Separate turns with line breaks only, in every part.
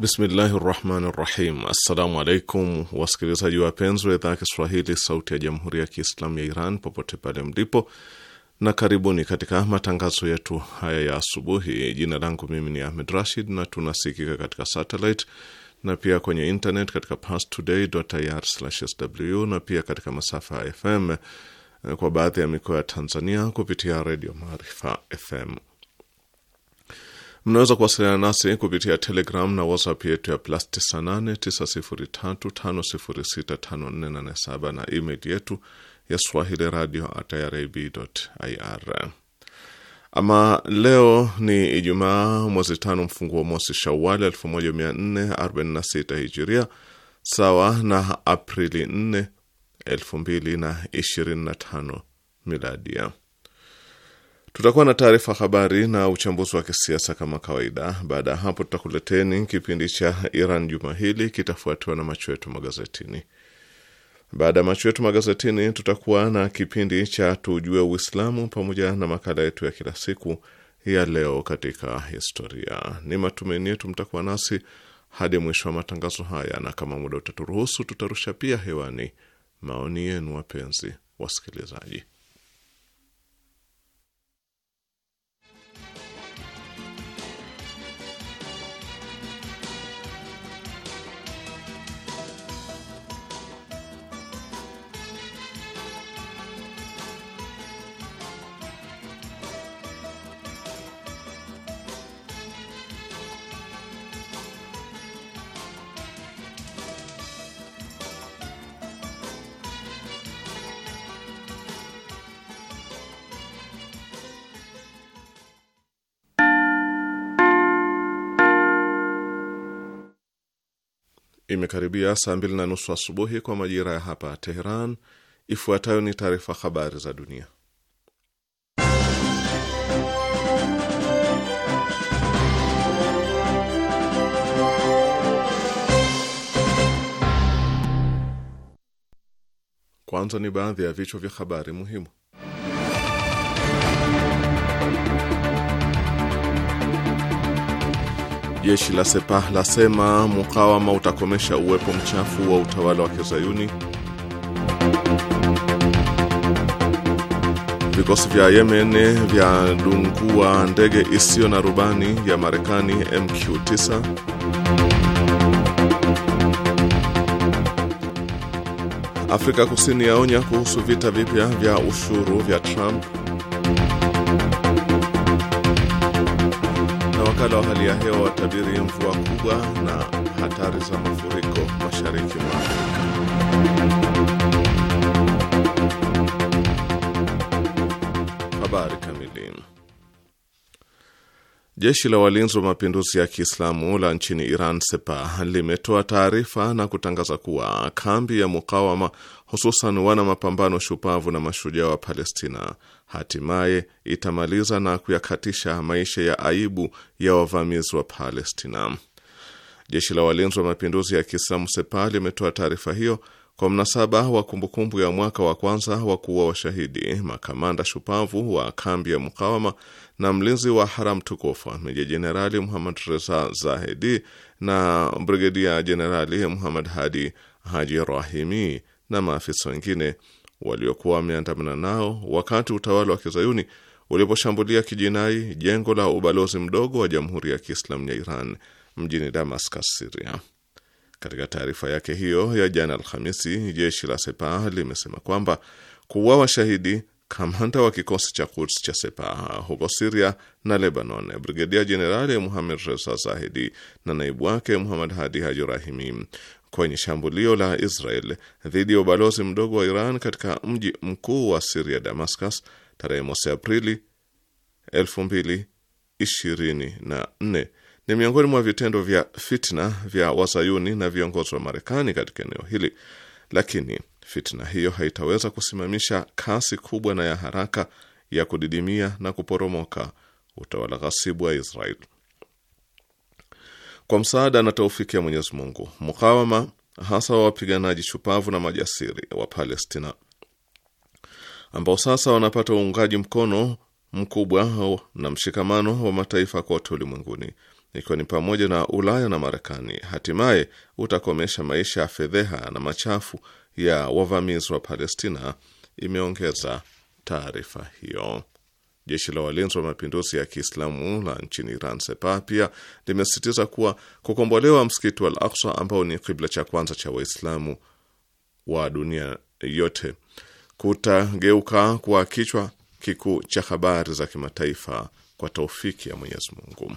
Bismillahi rahmani rahim. Assalamu alaikum wasikilizaji wapenzi wa idhaa ya Kiswahili sauti ya jamhuri ya Kiislamu ya Iran popote pale mlipo, na karibuni katika matangazo yetu haya ya asubuhi. Jina langu mimi ni Ahmed Rashid na tunasikika katika satellite na pia kwenye internet katika parstoday.ir/sw na pia katika masafa ya FM kwa baadhi ya mikoa ya Tanzania kupitia redio Maarifa FM. Mnaweza kuwasiliana nasi kupitia Telegram na WhatsApp yetu ya plus 989035065487 na email yetu ya swahili radio irib.ir. Ama leo ni Ijumaa, mwezi tano mfunguo mosi Shawali 1446 Hijiria, sawa na Aprili 4, 2025 Miladia. Tutakuwa na taarifa habari na uchambuzi wa kisiasa kama kawaida. Baada ya hapo, tutakuleteni kipindi cha Iran juma hili, kitafuatiwa na macho yetu magazetini. Baada ya macho yetu magazetini, tutakuwa na kipindi cha tujue Uislamu pamoja na makala yetu ya kila siku ya leo katika historia. Ni matumaini yetu mtakuwa nasi hadi mwisho wa matangazo haya, na kama muda utaturuhusu, tutarusha pia hewani maoni yenu, wapenzi wasikilizaji. Imekaribia saa mbili na nusu asubuhi kwa majira ya hapa Teheran. Ifuatayo ni taarifa habari za dunia. Kwanza ni baadhi ya vichwa vya habari muhimu. Jeshi la Sepah lasema mukawama utakomesha uwepo mchafu wa utawala wa Kizayuni. Vikosi vya Yemen vya dungua ndege isiyo na rubani ya Marekani MQ-9. Afrika Kusini yaonya kuhusu vita vipya vya ushuru vya Trump. Wakala wa hali ya hewa watabiri mvua kubwa na hatari za mafuriko mashariki mwa Jeshi la walinzi wa mapinduzi ya Kiislamu la nchini Iran Sepa limetoa taarifa na kutangaza kuwa kambi ya mukawama, hususan wana mapambano shupavu na mashujaa wa Palestina, hatimaye itamaliza na kuyakatisha maisha ya aibu ya wavamizi wa Palestina. Jeshi la walinzi wa mapinduzi ya Kiislamu Sepa limetoa taarifa hiyo kwa mnasaba wa kumbukumbu ya mwaka wa kwanza wa kuua washahidi makamanda shupavu wa kambi ya mukawama na mlinzi wa haram tukufu Meja Jenerali Muhammad Reza Zahedi na Brigedia Jenerali Muhammad Hadi Haji Rahimi na maafisa wengine waliokuwa wameandamana nao wakati utawala wa kizayuni uliposhambulia kijinai jengo la ubalozi mdogo wa Jamhuri ya Kiislamu ya Iran mjini Damascus, Siria. Katika taarifa yake hiyo ya jana Alhamisi, jeshi la Sepah limesema kwamba kuuawa shahidi Kamanda wa kikosi cha Quds cha Sepaha huko Siria na Lebanon, Brigedia Jenerali Muhamed Reza Zahidi na naibu wake Muhamad Hadi Haji Rahimi kwenye shambulio la Israel dhidi ya ubalozi mdogo wa Iran katika mji mkuu wa Siria, Damascus, tarehe mosi Aprili 2024 ni miongoni mwa vitendo vya fitna vya wazayuni na viongozi wa Marekani katika eneo hili, lakini Fitna hiyo haitaweza kusimamisha kasi kubwa na ya haraka ya kudidimia na kuporomoka utawala ghasibu wa Israel. Kwa msaada na taufiki ya Mwenyezi Mungu, mukawama hasa wa wapiganaji shupavu na majasiri wa Palestina ambao sasa wanapata uungaji mkono mkubwa na mshikamano wa mataifa kote ulimwenguni ikiwa ni pamoja na Ulaya na Marekani, hatimaye utakomesha maisha ya fedheha na machafu ya wavamizi wa Palestina, imeongeza taarifa hiyo. Jeshi la walinzi wa mapinduzi ya Kiislamu la nchini Iran Sepa pia limesisitiza kuwa kukombolewa msikiti wa Al Aksa ambao ni kibla cha kwanza cha Waislamu wa dunia yote kutageuka kuwa kichwa kikuu cha habari za kimataifa kwa taufiki ya Mwenyezi Mungu.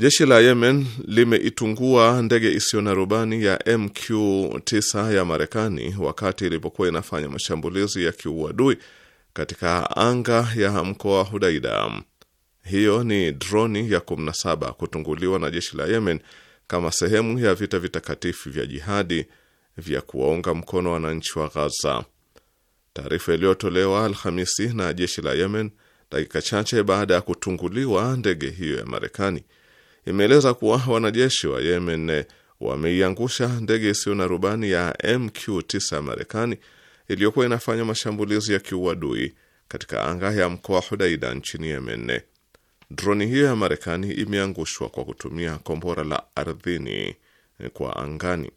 Jeshi la Yemen limeitungua ndege isiyo na rubani ya MQ-9 ya Marekani wakati ilipokuwa inafanya mashambulizi ya kiuadui katika anga ya mkoa wa Hudaida. Hiyo ni droni ya 17 kutunguliwa na jeshi la Yemen kama sehemu ya vita vitakatifu vya jihadi vya kuwaunga mkono wananchi wa Ghaza. Taarifa iliyotolewa Alhamisi na jeshi la Yemen dakika chache baada ya kutunguliwa ndege hiyo ya Marekani imeeleza kuwa wanajeshi wa Yemen wameiangusha ndege isiyo na rubani ya MQ-9 Marekani iliyokuwa inafanya mashambulizi ya kiuadui katika anga ya mkoa Hudaida nchini Yemen. Droni hiyo ya Marekani imeangushwa kwa kutumia kombora la ardhini kwa angani.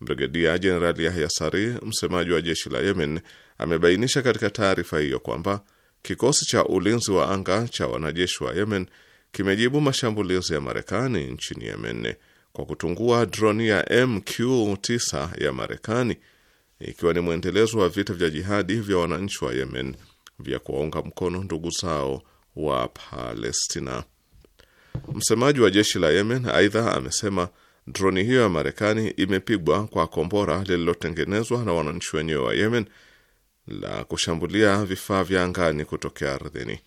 Brigedia Jenerali Yahya Sari, msemaji wa jeshi la Yemen, amebainisha katika taarifa hiyo kwamba kikosi cha ulinzi wa anga cha wanajeshi wa Yemen kimejibu mashambulizi ya Marekani nchini Yemen kwa kutungua droni ya MQ9 ya Marekani, ikiwa ni mwendelezo wa vita vya jihadi vya wananchi wa Yemen vya kuwaunga mkono ndugu zao wa Palestina. Msemaji wa jeshi la Yemen aidha amesema droni hiyo ya Marekani imepigwa kwa kombora lililotengenezwa na wananchi wenyewe wa Yemen la kushambulia vifaa vya angani kutokea ardhini.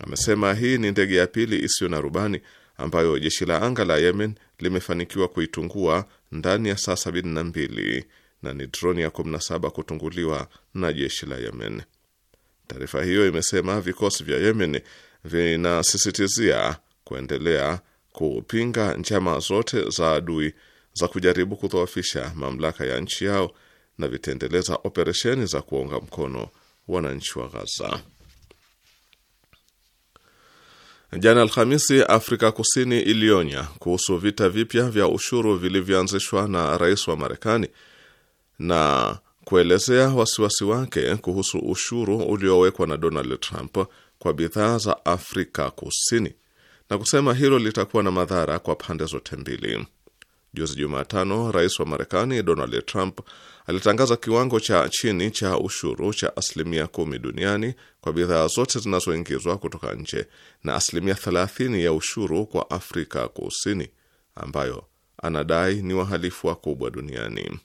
Amesema hii ni ndege ya pili isiyo na rubani ambayo jeshi la anga la Yemen limefanikiwa kuitungua ndani ya saa 72 na ni droni ya 17 kutunguliwa na jeshi la Yemen. Taarifa hiyo imesema vikosi vya Yemen vinasisitizia kuendelea kupinga njama zote za adui za kujaribu kudhoofisha mamlaka ya nchi yao na vitaendeleza operesheni za kuwaunga mkono wananchi wa Gaza. Jana Alhamisi, Afrika Kusini ilionya kuhusu vita vipya vya ushuru vilivyoanzishwa na rais wa Marekani na kuelezea wasiwasi wake kuhusu ushuru uliowekwa na Donald Trump kwa bidhaa za Afrika Kusini na kusema hilo litakuwa na madhara kwa pande zote mbili. Juzi Jumatano, rais wa Marekani Donald Trump alitangaza kiwango cha chini cha ushuru cha asilimia kumi duniani kwa bidhaa zote zinazoingizwa kutoka nje na asilimia thelathini ya ushuru kwa Afrika Kusini ambayo anadai ni wahalifu wakubwa duniani.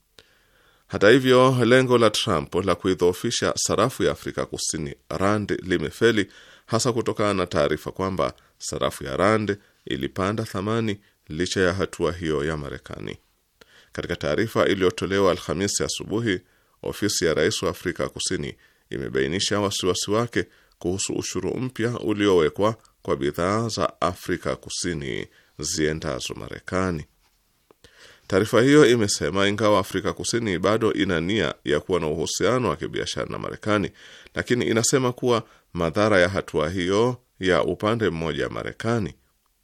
Hata hivyo, lengo la Trump la kuidhoofisha sarafu ya Afrika Kusini rand limefeli hasa kutokana na taarifa kwamba sarafu ya rand ilipanda thamani licha ya hatua hiyo ya Marekani. Katika taarifa iliyotolewa Alhamisi asubuhi, ofisi ya rais wa Afrika Kusini imebainisha wasiwasi wake kuhusu ushuru mpya uliowekwa kwa bidhaa za Afrika Kusini ziendazo Marekani. Taarifa hiyo imesema ingawa Afrika Kusini bado ina nia ya kuwa na uhusiano wa kibiashara na Marekani, lakini inasema kuwa madhara ya hatua hiyo ya upande mmoja ya Marekani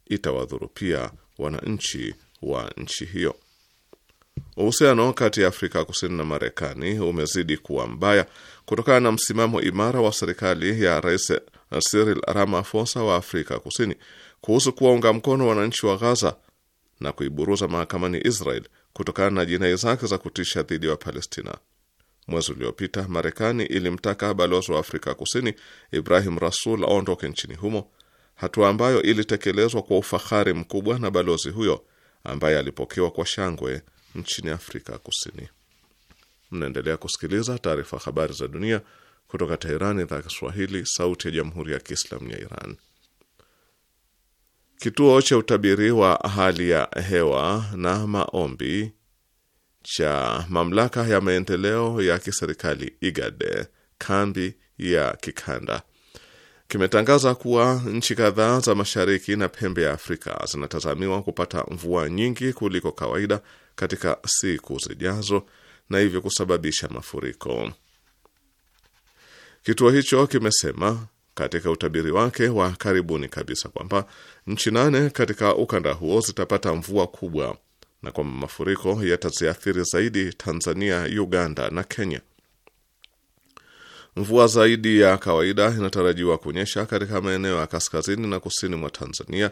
itawadhuru pia wananchi wa nchi hiyo. Uhusiano kati ya Afrika Kusini na Marekani umezidi kuwa mbaya kutokana na msimamo imara wa serikali ya Rais Cyril Ramaphosa wa Afrika Kusini kuhusu kuwaunga mkono wananchi wa Gaza na kuiburuza mahakamani Israel kutokana na jinai zake za kutisha dhidi ya Palestina. Mwezi uliopita Marekani ilimtaka balozi wa Afrika Kusini Ibrahim Rasul aondoke nchini humo hatua ambayo ilitekelezwa kwa ufahari mkubwa na balozi huyo ambaye alipokewa kwa shangwe nchini Afrika Kusini. Mnaendelea kusikiliza taarifa habari za dunia kutoka Teherani, idhaa ya Kiswahili, sauti ya jamhuri ya kiislamu ya Iran. Kituo cha utabiri wa hali ya hewa na maombi cha mamlaka ya maendeleo ya kiserikali IGAD kambi ya kikanda kimetangaza kuwa nchi kadhaa za mashariki na pembe ya Afrika zinatazamiwa kupata mvua nyingi kuliko kawaida katika siku zijazo na hivyo kusababisha mafuriko. Kituo hicho kimesema katika utabiri wake wa karibuni kabisa kwamba nchi nane katika ukanda huo zitapata mvua kubwa na kwamba mafuriko yataziathiri zaidi Tanzania, Uganda na Kenya. Mvua zaidi ya kawaida inatarajiwa kunyesha katika maeneo ya kaskazini na kusini mwa Tanzania,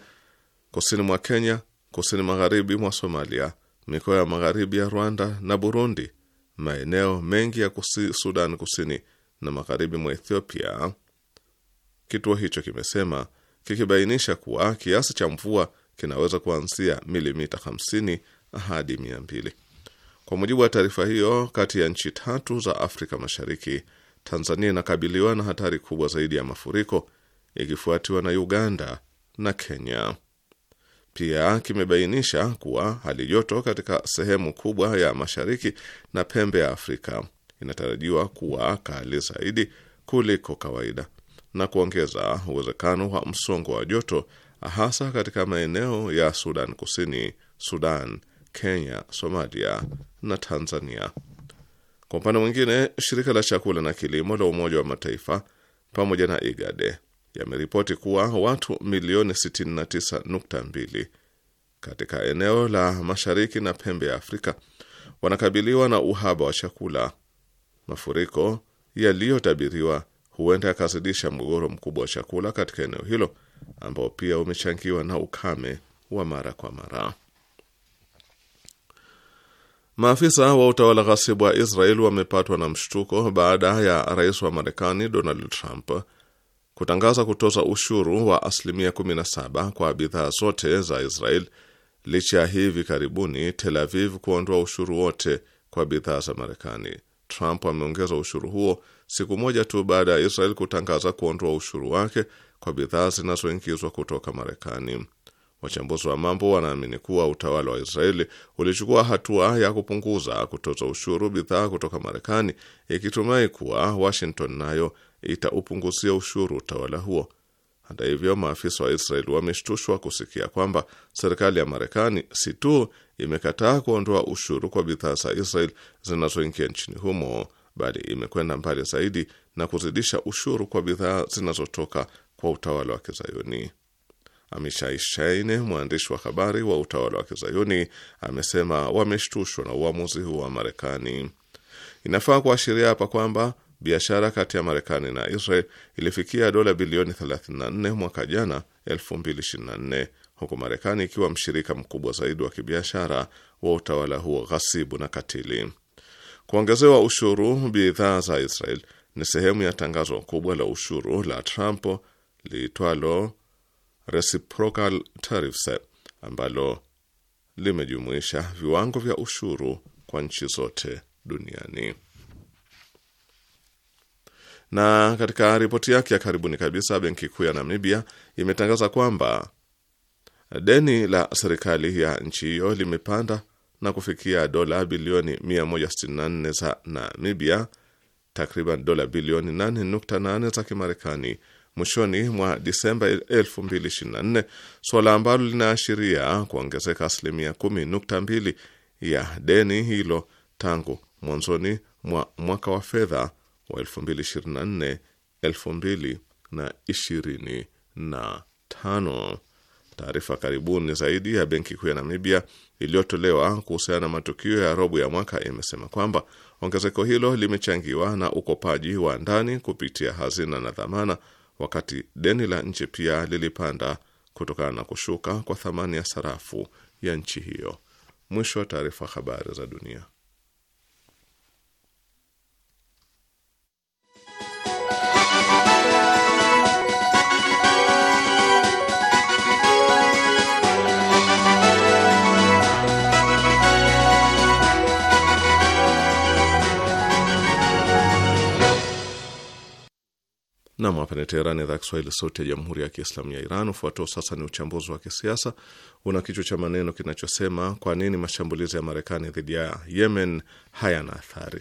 kusini mwa Kenya, kusini magharibi mwa Somalia, mikoa ya magharibi ya Rwanda na Burundi, maeneo mengi ya kusi, Sudan kusini na magharibi mwa Ethiopia. Kituo hicho kimesema kikibainisha kuwa kiasi cha mvua kinaweza kuanzia milimita 50 hadi 200. Kwa mujibu wa taarifa hiyo, kati ya nchi tatu za Afrika Mashariki Tanzania inakabiliwa na hatari kubwa zaidi ya mafuriko ikifuatiwa na Uganda na Kenya. Pia kimebainisha kuwa hali joto katika sehemu kubwa ya mashariki na pembe ya Afrika inatarajiwa kuwa kali zaidi kuliko kawaida na kuongeza uwezekano wa msongo wa joto hasa katika maeneo ya Sudan Kusini, Sudan, Kenya, Somalia na Tanzania. Kwa upande mwingine, shirika la chakula na kilimo la Umoja wa Mataifa pamoja na IGADE yameripoti kuwa watu milioni 69.2 katika eneo la mashariki na pembe ya Afrika wanakabiliwa na uhaba wa chakula. Mafuriko yaliyotabiriwa huenda yakazidisha mgogoro mkubwa wa chakula katika eneo hilo ambao pia umechangiwa na ukame wa mara kwa mara. Maafisa wa utawala ghasibu wa Israeli wamepatwa na mshtuko baada ya rais wa Marekani Donald Trump kutangaza kutoza ushuru wa asilimia 17 kwa bidhaa zote za Israel licha ya hivi karibuni Tel Aviv kuondoa ushuru wote kwa bidhaa za Marekani. Trump ameongeza ushuru huo siku moja tu baada ya Israel kutangaza kuondoa ushuru wake kwa bidhaa zinazoingizwa kutoka Marekani. Wachambuzi wa mambo wanaamini kuwa utawala wa Israeli ulichukua hatua ya kupunguza kutoza ushuru bidhaa kutoka Marekani, ikitumai kuwa Washington nayo itaupunguzia ushuru utawala huo. Hata hivyo, maafisa wa Israeli wameshtushwa kusikia kwamba serikali ya Marekani si tu imekataa kuondoa ushuru kwa bidhaa za Israeli zinazoingia nchini humo, bali imekwenda mbali zaidi na kuzidisha ushuru kwa bidhaa zinazotoka kwa utawala wa Kizayuni. Amishai Shein, mwandishi wa habari wa utawala wa Kizayuni, amesema wameshtushwa na uamuzi huo wa Marekani. Inafaa kuashiria hapa kwamba biashara kati ya Marekani na Israel ilifikia dola bilioni 34 mwaka jana 2024 huku Marekani ikiwa mshirika mkubwa zaidi wa kibiashara wa utawala huo ghasibu na katili. Kuongezewa ushuru bidhaa za Israel ni sehemu ya tangazo kubwa la ushuru la Trump liitwalo reciprocal tariffs ambalo limejumuisha viwango vya ushuru kwa nchi zote duniani. Na katika ripoti yake ya karibuni kabisa, benki kuu ya Namibia imetangaza kwamba deni la serikali ya nchi hiyo limepanda na kufikia dola bilioni 164 za Namibia, takriban dola bilioni 8.8 za Kimarekani mwishoni mwa Disemba 2024, suala ambalo linaashiria kuongezeka asilimia 10.2 ya deni hilo tangu mwanzoni mwa mwaka wa fedha wa 2024 2025. Taarifa karibuni zaidi ya benki kuu ya Namibia iliyotolewa kuhusiana na matukio ya robo ya mwaka imesema kwamba ongezeko hilo limechangiwa na ukopaji wa ndani kupitia hazina na dhamana wakati deni la nchi pia lilipanda kutokana na kushuka kwa thamani ya sarafu ya nchi hiyo. Mwisho wa taarifa. Habari za dunia. Nam, hapa ni Teherani, idhaa Kiswahili, sauti ya jamhuri ya kiislamu ya Iran. Ufuatao sasa ni uchambuzi wa kisiasa una kichwa cha maneno kinachosema kwa nini mashambulizi ya Marekani dhidi ya Yemen hayana athari.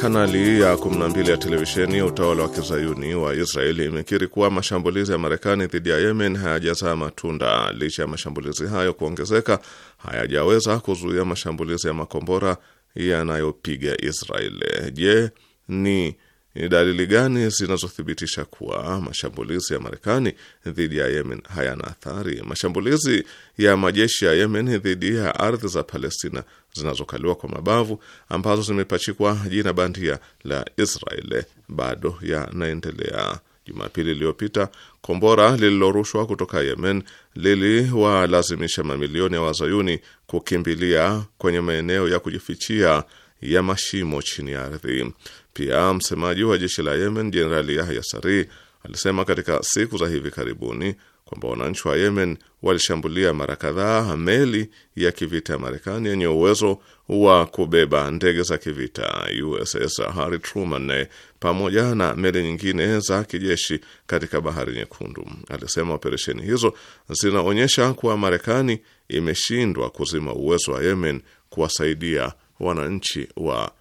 Kanali ya 12 ya televisheni ya utawala wa kizayuni wa Israeli imekiri kuwa mashambulizi ya Marekani dhidi ya Yemen hayajazaa matunda. Licha ya mashambulizi hayo kuongezeka, hayajaweza kuzuia mashambulizi ya makombora yanayopiga Israeli. Je, ni ni dalili gani zinazothibitisha kuwa mashambulizi ya Marekani dhidi ya Yemen hayana athari? Mashambulizi ya majeshi ya Yemen dhidi ya ardhi za Palestina zinazokaliwa kwa mabavu ambazo zimepachikwa jina bandia la israel bado yanaendelea. Jumapili iliyopita kombora lililorushwa kutoka Yemen liliwalazimisha mamilioni ya wazayuni kukimbilia kwenye maeneo ya kujifichia ya mashimo chini ya ardhi. Pia msemaji wa jeshi la Yemen Jenerali Yahya Sari alisema katika siku za hivi karibuni kwamba wananchi wa Yemen walishambulia mara kadhaa meli ya kivita ya Marekani yenye uwezo wa kubeba ndege za kivita USS Harry Truman pamoja na meli nyingine za kijeshi katika Bahari Nyekundu. Alisema operesheni hizo zinaonyesha kuwa Marekani imeshindwa kuzima uwezo wa Yemen kuwasaidia wananchi wa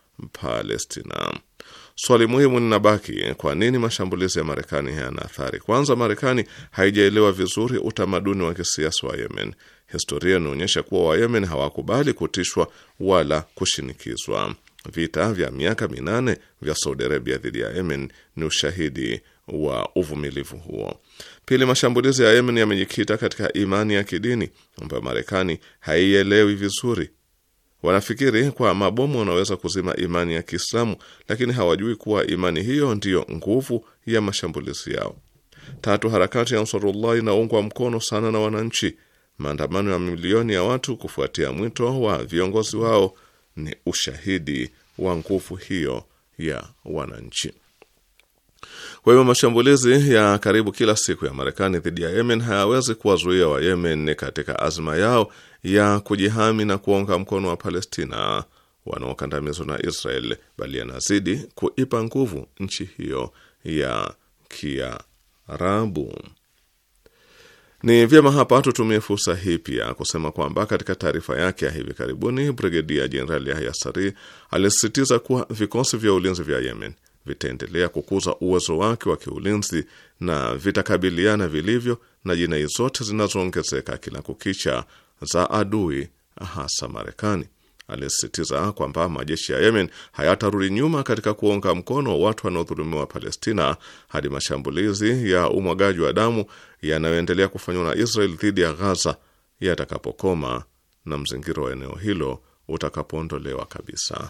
Palestina. Swali muhimu linabaki, kwa nini mashambulizi ya Marekani hayana athari? Kwanza, Marekani haijaelewa vizuri utamaduni wa kisiasa wa Yemen. Historia inaonyesha kuwa Wayemen hawakubali kutishwa wala kushinikizwa. Vita vya miaka minane vya Saudi Arabia dhidi ya Yemen ni ushahidi wa uvumilivu huo. Pili, mashambulizi ya Yemen yamejikita katika imani ya kidini ambayo Marekani haielewi vizuri Wanafikiri kwa mabomu wanaweza kuzima imani ya Kiislamu, lakini hawajui kuwa imani hiyo ndiyo nguvu ya mashambulizi yao. Tatu, harakati ya Ansarullah inaungwa mkono sana na wananchi. Maandamano ya milioni ya watu kufuatia mwito wa viongozi wao ni ushahidi wa nguvu hiyo ya wananchi. Kwa hivyo mashambulizi ya karibu kila siku ya Marekani dhidi ya Yemen hayawezi kuwazuia Wayemen katika azma yao ya kujihami na kuonga mkono wa Palestina wanaokandamizwa na Israel, bali yanazidi kuipa nguvu nchi hiyo ya Kiarabu. Ni vyema hapa tutumie fursa hii pia kusema kwamba katika taarifa yake ya hivi karibuni, Brigedia Jenerali Yahya Sari alisisitiza kuwa vikosi vya ulinzi vya Yemen vitaendelea kukuza uwezo wake wa kiulinzi na vitakabiliana vilivyo na jinai zote zinazoongezeka kila kukicha za adui, hasa Marekani. Alisisitiza kwamba majeshi ya Yemen hayatarudi nyuma katika kuunga mkono watu wanaodhulumiwa Palestina hadi mashambulizi ya umwagaji wa damu yanayoendelea kufanywa na Israel dhidi ya Ghaza yatakapokoma na mzingiro wa eneo hilo utakapoondolewa kabisa.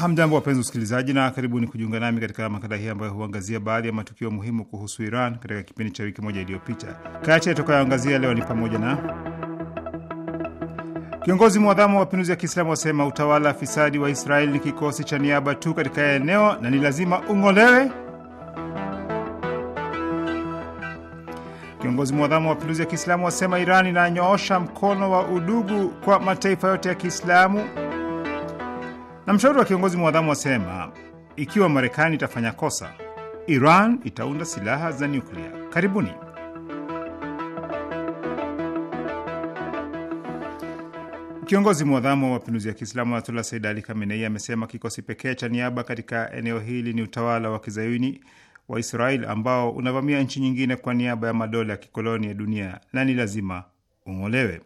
Hamjambo, wapenzi usikilizaji, na karibuni kujiunga nami katika makala hii ambayo huangazia baadhi ya matukio muhimu kuhusu Iran katika kipindi cha wiki moja iliyopita. Kati yatakayoangazia leo ni pamoja na Kiongozi mwadhamu wa mapinduzi ya Kiislamu wasema utawala fisadi wa Israeli ni kikosi cha niaba tu katika eneo na ni lazima ung'olewe. Kiongozi mwadhamu wa mapinduzi ya Kiislamu wasema Iran inanyoosha mkono wa udugu kwa mataifa yote ya Kiislamu. Na mshauri wa kiongozi mwadhamu wasema ikiwa Marekani itafanya kosa, Iran itaunda silaha za nyuklia. Karibuni. Kiongozi mwadhamu wa mapinduzi ya Kiislamu Ayatullah Said Ali Khamenei amesema kikosi pekee cha niaba katika eneo hili ni utawala wa kizayuni wa Israel ambao unavamia nchi nyingine kwa niaba ya madola ya kikoloni ya dunia na ni lazima ung'olewe.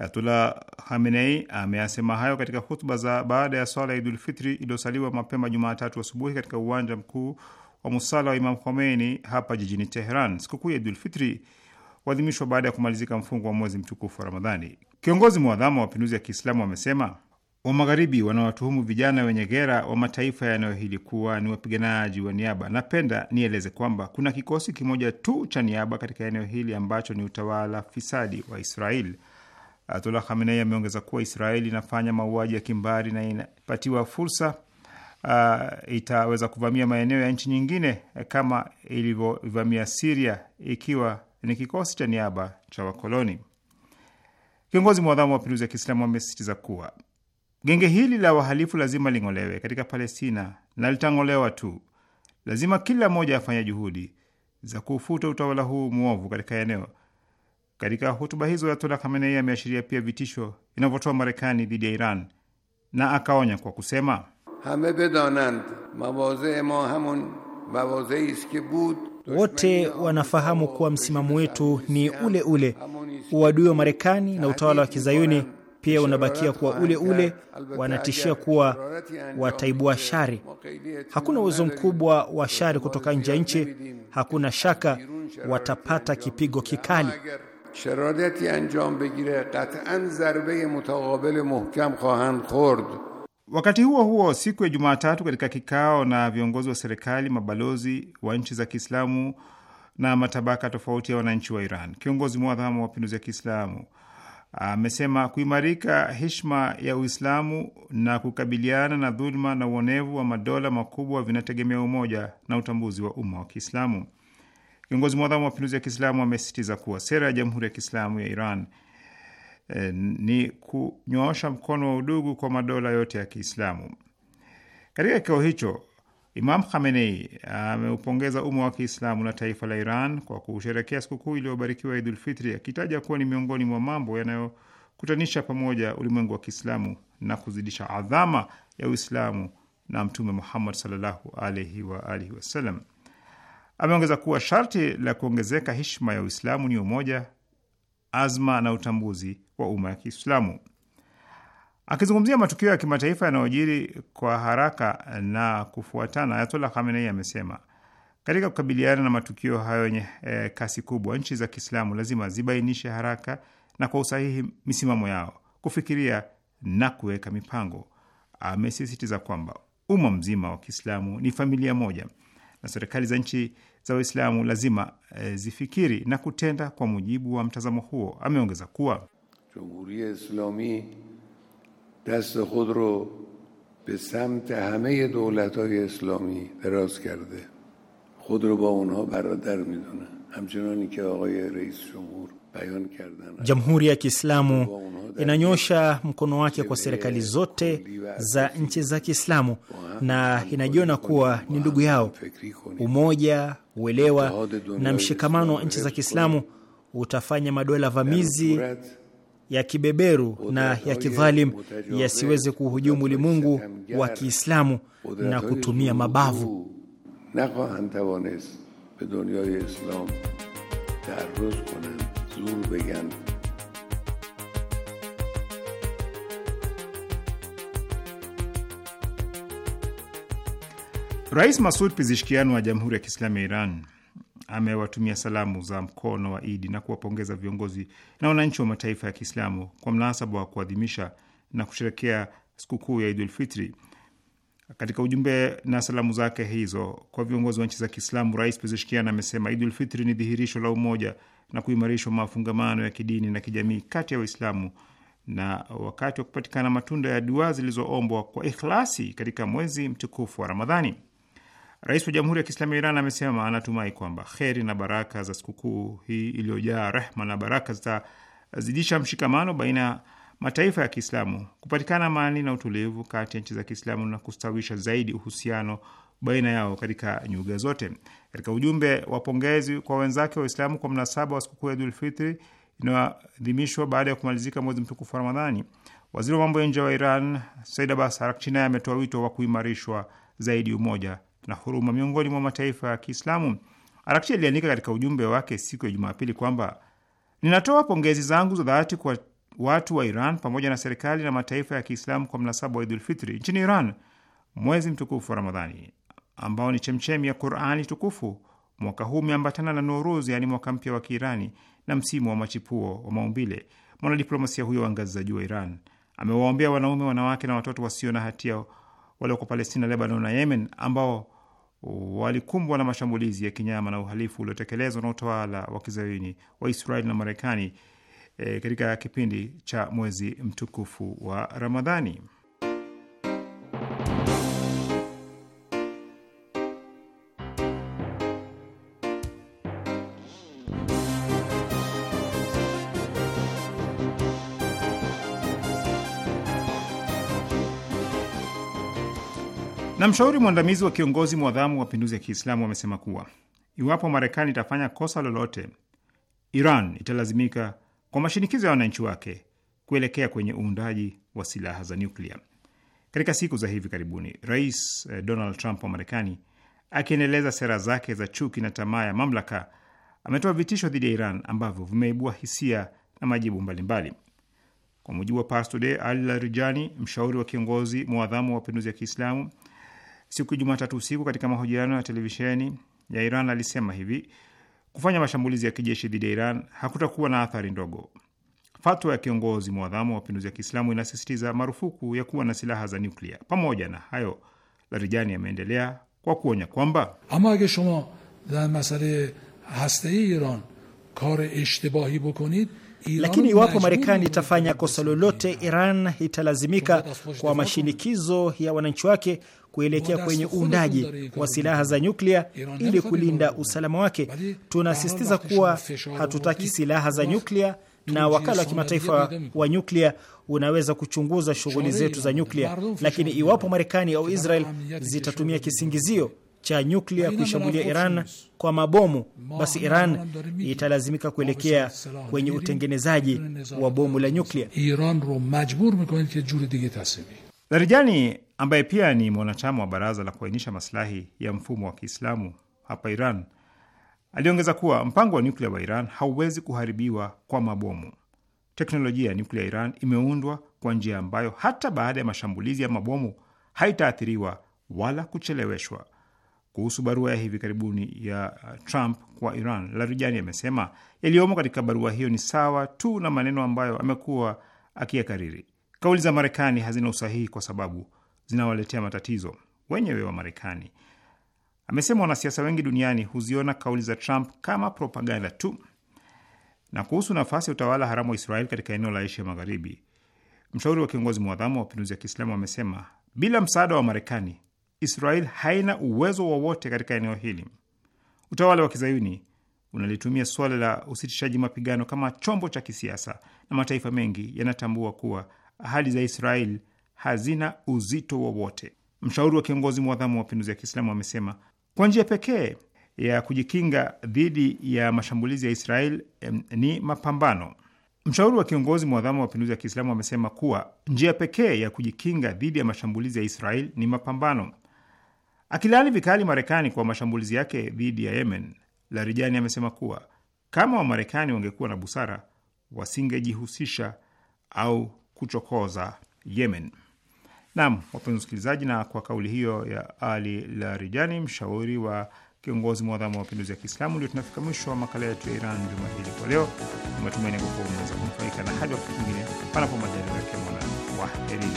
Ayatullah Hamenei ameyasema hayo katika hutuba za baada ya swala ya Idulfitri iliyosaliwa mapema Jumatatu asubuhi katika uwanja mkuu wa musala wa Imam Khomeini hapa jijini Teheran. Sikukuu ya Idulfitri huadhimishwa baada ya kumalizika mfungo wa mwezi mtukufu wa Ramadhani. Kiongozi mwadhamu wa mapinduzi ya Kiislamu amesema wa Magharibi wanawatuhumu vijana wenye gera wa mataifa yanayohili kuwa ni wapiganaji wa niaba. Napenda nieleze kwamba kuna kikosi kimoja tu cha niaba katika eneo hili ambacho ni utawala fisadi wa Israeli. Ayatollah Khamenei ameongeza kuwa Israeli inafanya mauaji ya kimbari na inapatiwa fursa uh, itaweza kuvamia maeneo ya nchi nyingine eh, kama ilivyovamia Siria ikiwa ni kikosi cha niaba cha wakoloni. Kiongozi mwadhamu wa mapinduzi ya Kiislamu amesisitiza kuwa genge hili la wahalifu lazima ling'olewe katika Palestina na litang'olewa tu. Lazima kila mmoja afanye juhudi za kuufuta utawala huu mwovu katika eneo. Katika hotuba hizo Ayatollah Khamenei ameashiria pia vitisho vinavyotoa Marekani dhidi ya Iran na akaonya kwa kusema,
hame bedanand ma hamun ke bud
wote wanafahamu kuwa msimamo wetu ni ule ule. Uadui wa Marekani na utawala wa kizayuni pia unabakia kuwa ule ule. Wanatishia kuwa wataibua shari. Hakuna uwezo mkubwa wa shari kutoka nje ya nchi, hakuna shaka watapata kipigo kikali.
شرارتی انجام بگیره قطعا ضربه متقابل محکم خواهند خورد. Wakati huo huo, siku ya Jumatatu, katika kikao na viongozi wa serikali, mabalozi wa nchi za Kiislamu na matabaka tofauti ya wananchi wa Iran, kiongozi mwadhamu wa mapinduzi ya Kiislamu amesema kuimarika heshima ya Uislamu na kukabiliana na dhuluma na uonevu wa madola makubwa vinategemea umoja na utambuzi wa umma wa Kiislamu. Viongozi mwadhamu wa mapinduzi ya Kiislamu amesisitiza kuwa sera ya Jamhuri ya Kiislamu ya Iran eh, ni kunyoosha mkono wa udugu kwa madola yote ya Kiislamu. Katika kikao hicho, Imam Khamenei eh, ameupongeza umma wa Kiislamu na taifa la Iran kwa kusherekea sikukuu iliyobarikiwa Idulfitri, akitaja kuwa ni miongoni mwa mambo yanayokutanisha pamoja ulimwengu wa Kiislamu na kuzidisha adhama ya Uislamu na Mtume Muhammad sallallahu alaihi wa alihi wasallam. Ameongeza kuwa sharti la kuongezeka heshima ya Uislamu ni umoja, azma na utambuzi wa umma ya Kiislamu. Akizungumzia matukio ya kimataifa yanayojiri kwa haraka na kufuatana, Ayatollah Khamenei amesema katika kukabiliana na matukio hayo yenye e, kasi kubwa, nchi za Kiislamu lazima zibainishe haraka na kwa usahihi misimamo yao, kufikiria na kuweka mipango. Amesisitiza kwamba umma mzima wa Kiislamu ni familia moja na serikali za nchi za Waislamu lazima e, zifikiri na kutenda kwa mujibu wa mtazamo huo. Ameongeza
kuwa Jamhuri Islami dast khud ro be samt hame dowlathay islami daraz karde khud ro ba unha baradar midonand
Jamhuri ya Kiislamu inanyosha mkono wake kwa serikali zote za nchi za Kiislamu na inajiona kuwa ni ndugu yao. Umoja, uelewa na mshikamano wa nchi za Kiislamu utafanya madola vamizi ya kibeberu na ya kidhalim yasiweze kuhujumu ulimwengu wa Kiislamu na kutumia mabavu.
به دنیای اسلام تعرض کنند زور بگن
Rais Masud پزشکیان wa Jamhuri ya Kiislamu ya Iran amewatumia salamu za mkono wa Idi na kuwapongeza viongozi na wananchi wa mataifa ya Kiislamu kwa mnasaba wa kuadhimisha na kusherekea sikukuu ya Idul Fitri. Katika ujumbe na salamu zake hizo kwa viongozi wa nchi za Kiislamu, Rais Pezeshkian amesema Idul Fitri ni dhihirisho la umoja na kuimarishwa mafungamano ya kidini na kijamii kati ya Waislamu na wakati wa kupatikana matunda ya dua zilizoombwa kwa ikhlasi katika mwezi mtukufu wa Ramadhani. Rais wa Jamhuri ya Kiislamu ya Iran amesema anatumai kwamba kheri na baraka za sikukuu hii iliyojaa rehma na baraka zitazidisha mshikamano baina mataifa ya Kiislamu, kupatikana amani na utulivu kati ya nchi za Kiislamu na kustawisha zaidi uhusiano baina yao katika nyuga zote. Katika ujumbe wa pongezi kwa wenzake Waislamu kwa mnasaba wa sikukuu ya Idulfitri inayoadhimishwa baada ya kumalizika mwezi mtukufu wa Ramadhani, waziri wa mambo ya nje wa Iran Said Abbas naye ametoa wito wa kuimarishwa zaidi umoja na huruma miongoni mwa mataifa ya Kiislamu. Arakchi aliandika katika ujumbe wake siku ya Jumapili kwamba ninatoa pongezi zangu za dhati kwa watu wa Iran pamoja na serikali na mataifa ya Kiislamu kwa mnasaba wa Idulfitri nchini Iran, mwezi mtukufu wa Ramadhani ambao ni chemchemi ya Qurani tukufu. Mwaka huu umeambatana na Nuruz, yaani mwaka mpya wa Kiirani na msimu wa machipuo wa maumbile. Mwanadiplomasia huyo wa ngazi za juu wa Iran amewaombea wanaume, wanawake na watoto wasio na hatia walioko Palestina, Lebanon na Yemen ambao walikumbwa na mashambulizi ya kinyama na uhalifu uliotekelezwa na utawala wa kizayuni wa Israeli na Marekani e, katika kipindi cha mwezi mtukufu wa Ramadhani. Na mshauri mwandamizi wa kiongozi mwadhamu wa mapinduzi ya Kiislamu amesema kuwa iwapo Marekani itafanya kosa lolote, Iran italazimika kwa mashinikizo ya wananchi wake kuelekea kwenye uundaji wa silaha za nyuklia. Katika siku za hivi karibuni, Rais eh, Donald Trump wa Marekani akiendeleza sera zake za chuki na tamaa ya mamlaka ametoa vitisho dhidi ya Iran ambavyo vimeibua hisia na majibu mbalimbali. Kwa mujibu wa Pars Today, Ali Larijani, mshauri wa kiongozi mwadhamu wa mapinduzi ya Kiislamu, siku ya Jumatatu usiku katika mahojiano ya televisheni ya Iran alisema hivi: kufanya mashambulizi ya kijeshi dhidi ya Iran hakutakuwa na athari ndogo. Fatwa ya kiongozi mwadhamu wa mapinduzi ya Kiislamu inasisitiza marufuku ya kuwa na silaha za nyuklia. Pamoja na hayo, Larijani ameendelea kwa kuonya
kwamba
ama age shoma dar masale hastei iran kar ishtibahi
bokonid lakini iwapo Marekani itafanya kosa lolote, Iran italazimika kwa mashinikizo ya wananchi wake kuelekea kwenye uundaji wa silaha za nyuklia ili kulinda usalama wake. Tunasisitiza kuwa hatutaki silaha za nyuklia na wakala wa kimataifa wa nyuklia unaweza kuchunguza shughuli zetu za nyuklia, lakini iwapo Marekani au Israel zitatumia kisingizio cha nyuklia kuishambulia Iran kwa mabomu, basi Iran italazimika kuelekea kwenye utengenezaji wa bomu la nyuklia.
Larijani ambaye pia ni mwanachama wa baraza la kuainisha masilahi ya mfumo wa Kiislamu hapa Iran aliongeza kuwa mpango wa nyuklia wa Iran hauwezi kuharibiwa kwa mabomu. Teknolojia ya nyuklia ya Iran imeundwa kwa njia ambayo hata baada ya mashambulizi ya mabomu haitaathiriwa wala kucheleweshwa kuhusu barua ya hivi karibuni ya uh, Trump kwa Iran, Larijani amesema yaliyomo katika barua hiyo ni sawa tu na maneno ambayo amekuwa akiyakariri. Kauli za Marekani hazina usahihi kwa sababu zinawaletea matatizo wenyewe wa Marekani, amesema. Wanasiasa wengi duniani huziona kauli za Trump kama propaganda tu. Na kuhusu nafasi ya utawala haramu wa Israel katika eneo la Asia Magharibi, mshauri wa kiongozi mwadhamu wa mapinduzi ya Kiislamu amesema bila msaada wa Marekani Israel haina uwezo wowote katika eneo hili. Utawala wa kizayuni unalitumia suala la usitishaji mapigano kama chombo cha kisiasa, na mataifa mengi yanatambua kuwa ahadi za Israel hazina uzito wowote. Mshauri wa kiongozi mwadhamu wa mapinduzi ya Kiislamu amesema kwa njia pekee ya kujikinga dhidi ya mashambulizi ya Israel em, ni mapambano. Mshauri wa kiongozi mwadhamu wa mapinduzi ya Kiislamu amesema kuwa njia pekee ya kujikinga dhidi ya mashambulizi ya Israel ni mapambano. Akilaani vikali Marekani kwa mashambulizi yake dhidi ya Yemen, Larijani amesema kuwa kama Wamarekani wangekuwa na busara wasingejihusisha au kuchokoza Yemen. Nam, wapenzi wasikilizaji, na kwa kauli hiyo ya Ali Larijani, mshauri wa kiongozi mwadhamu wa mapinduzi ya Kiislamu, ndio tunafika mwisho wa makala yetu ya Iran juma hili kwa leo. Matumaini kuwa umeweza kunufaika, na hadi wakati mwingine, panapo majaliwa yake Mola, herini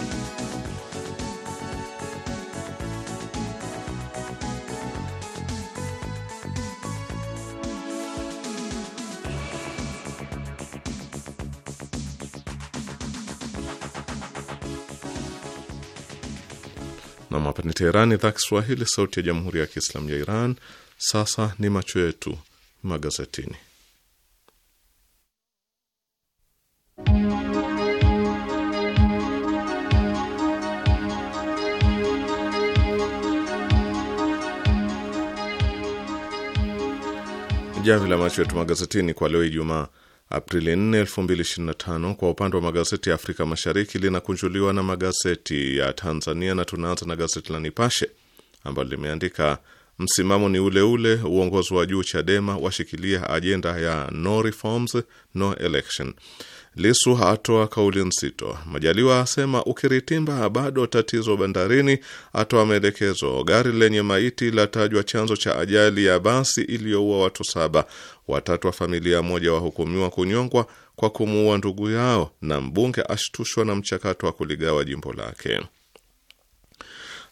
ni Teherani, idhaa Kiswahili, sauti ya jamhuri ya kiislamu ya Iran. Sasa ni macho yetu magazetini. Jamvi la macho yetu magazetini kwa leo Ijumaa Aprili 4, 2025. Kwa upande wa magazeti ya Afrika Mashariki linakunjuliwa na magazeti ya Tanzania na tunaanza na gazeti la Nipashe ambalo limeandika msimamo ni ule ule, uongozi wa juu Chadema washikilia ajenda ya no reforms, no election. Lisu atoa kauli nzito. Majaliwa asema ukiritimba bado tatizo bandarini, atoa maelekezo. Gari lenye maiti latajwa chanzo cha ajali ya basi iliyoua watu saba, watatu wa familia moja wahukumiwa kunyongwa kwa kumuua ndugu yao, na mbunge ashtushwa na mchakato wa kuligawa jimbo lake.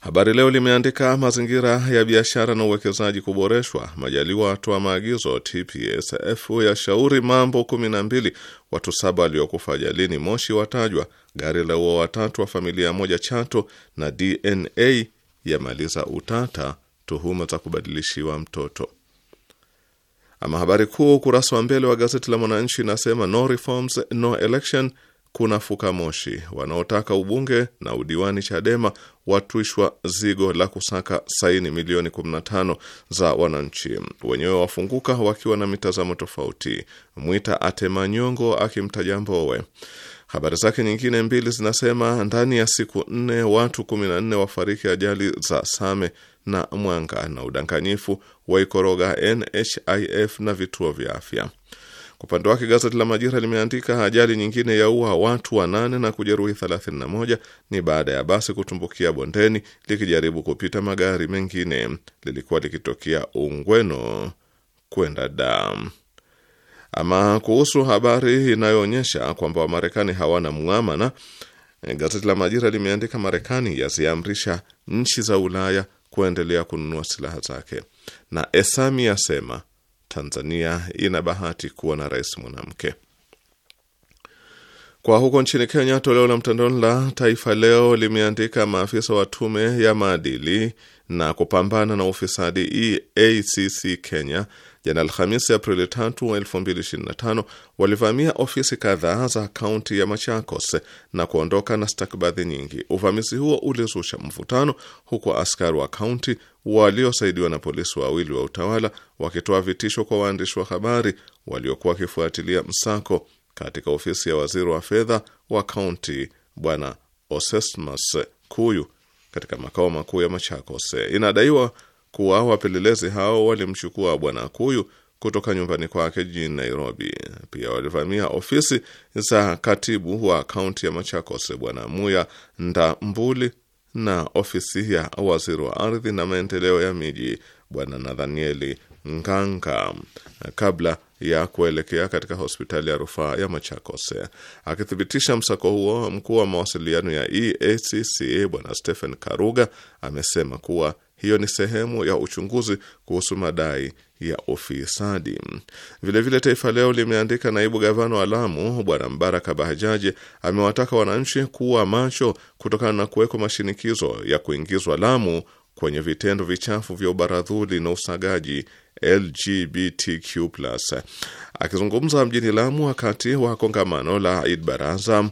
Habari Leo limeandika mazingira ya biashara na uwekezaji kuboreshwa. Majaliwa atoa maagizo. TPSF yashauri mambo kumi na mbili. Watu saba waliokufa ajalini Moshi watajwa. Gari la ua watatu wa familia moja Chato na DNA yamaliza utata tuhuma za kubadilishiwa mtoto. Ama habari kuu ukurasa wa mbele wa gazeti la Mwananchi inasema no reforms, no election kuna fuka moshi. Wanaotaka ubunge na udiwani Chadema watwishwa zigo la kusaka saini milioni 15 za wananchi. Wenyewe wafunguka wakiwa na mitazamo tofauti. Mwita atema nyongo akimtaja Mbowe. Habari zake nyingine mbili zinasema ndani ya siku nne watu 14 wafariki ajali za Same na Mwanga na udanganyifu waikoroga NHIF na vituo vya afya. Kwa upande wake gazeti la Majira limeandika ajali nyingine yaua watu wanane na kujeruhi 31 ni baada ya basi kutumbukia bondeni likijaribu kupita magari mengine. Lilikuwa likitokea Ungweno kwenda Dam. Ama kuhusu habari inayoonyesha kwamba Wamarekani hawana mwamana eh, gazeti la Majira limeandika Marekani yaziamrisha nchi za Ulaya kuendelea kununua silaha zake, na Esami yasema Tanzania ina bahati kuwa na rais mwanamke. Kwa huko nchini Kenya, toleo la mtandaoni la Taifa Leo limeandika maafisa wa tume ya maadili na kupambana na ufisadi EACC Kenya jana Alhamisi, Aprili 3, 2025 walivamia ofisi kadhaa za kaunti ya Machakos na kuondoka na stakabadhi nyingi. Uvamizi huo ulizusha mvutano, huku askari wa kaunti waliosaidiwa na polisi wawili wa utawala wakitoa vitisho kwa waandishi wa habari waliokuwa wakifuatilia msako katika ofisi ya waziri wa fedha wa kaunti Bwana Osesmas Kuyu katika makao makuu ya Machakos. Inadaiwa kuwa wapelelezi hao walimchukua bwana Kuyu kutoka nyumbani kwake jijini Nairobi. Pia walivamia ofisi za katibu wa kaunti ya Machakos bwana Muya Ndambuli na ofisi ya waziri wa ardhi na maendeleo ya miji bwana Nathanieli Nganga kabla ya kuelekea katika hospitali ya rufaa ya Machakos. Akithibitisha msako huo, mkuu wa mawasiliano ya EACC bwana Stephen Karuga amesema kuwa hiyo ni sehemu ya uchunguzi kuhusu madai ya ufisadi. Vilevile, Taifa Leo limeandika naibu gavana wa Lamu Bwana Mbaraka Bahajaji amewataka wananchi kuwa macho kutokana na kuwekwa mashinikizo ya kuingizwa Lamu kwenye vitendo vichafu vya ubaradhuli na usagaji LGBTQ+. Akizungumza mjini Lamu wakati wa kongamano la id Baraza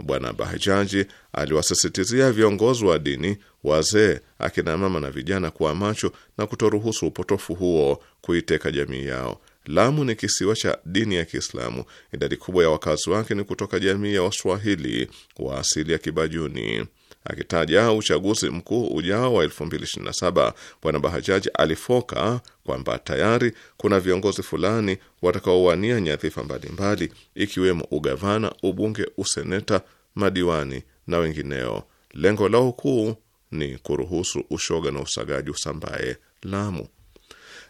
Bwana Bahjaji aliwasisitizia viongozi wa dini, wazee, akina mama na vijana kuwa macho na kutoruhusu upotofu huo kuiteka jamii yao. Lamu ni kisiwa cha dini ya Kiislamu. Idadi kubwa ya wakazi wake ni kutoka jamii ya Waswahili wa asili ya Kibajuni. Akitaja uchaguzi mkuu ujao wa 2027 Bwana Bahajaji alifoka kwamba tayari kuna viongozi fulani watakaowania nyadhifa mbalimbali ikiwemo ugavana, ubunge, useneta, madiwani na wengineo. Lengo lao kuu ni kuruhusu ushoga na usagaji usambaye Lamu.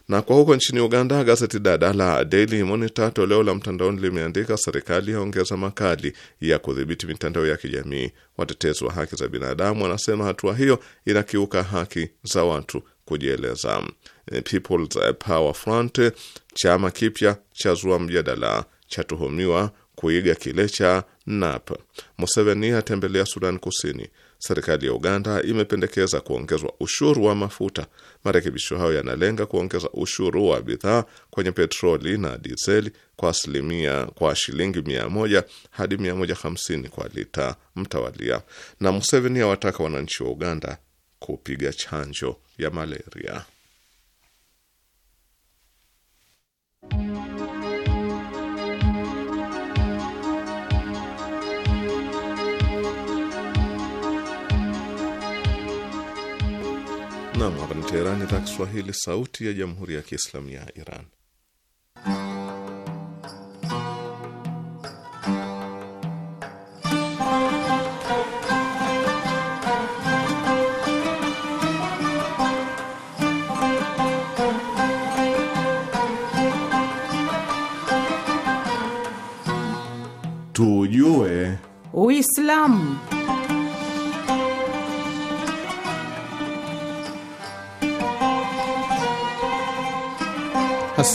Na kwa huko nchini Uganda, gazeti dada la Daily Monitor toleo la mtandaoni limeandika serikali yaongeza makali ya kudhibiti mitandao ya kijamii. Watetezi wa haki za binadamu wanasema hatua hiyo inakiuka haki za watu kujieleza. Eh, People's Power Front, chama kipya cha zua mjadala, chatuhumiwa kuiga kile cha NAP. Museveni atembelea Sudan Kusini serikali ya Uganda imependekeza kuongezwa ushuru wa mafuta. Marekebisho hayo yanalenga kuongeza ushuru wa bidhaa kwenye petroli na dizeli kwa asilimia kwa shilingi 100 hadi 150 kwa lita mtawalia. Na Museveni awataka wananchi wa Uganda kupiga chanjo ya malaria. Nam, hapa ni Teheran, idhaa Kiswahili, sauti ya jamhuri ya kiislamu ya Iran.
Tujue Uislamu.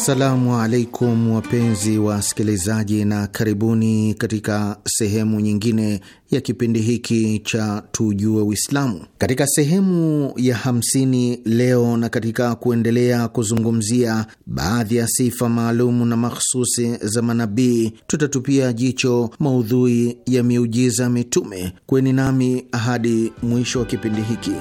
Assalamu alaikum wapenzi wasikilizaji, na karibuni katika sehemu nyingine ya kipindi hiki cha tujue Uislamu. Katika sehemu ya hamsini leo, na katika kuendelea kuzungumzia baadhi ya sifa maalumu na makhususi za manabii, tutatupia jicho maudhui ya miujiza mitume. Kweni nami hadi mwisho wa kipindi hiki.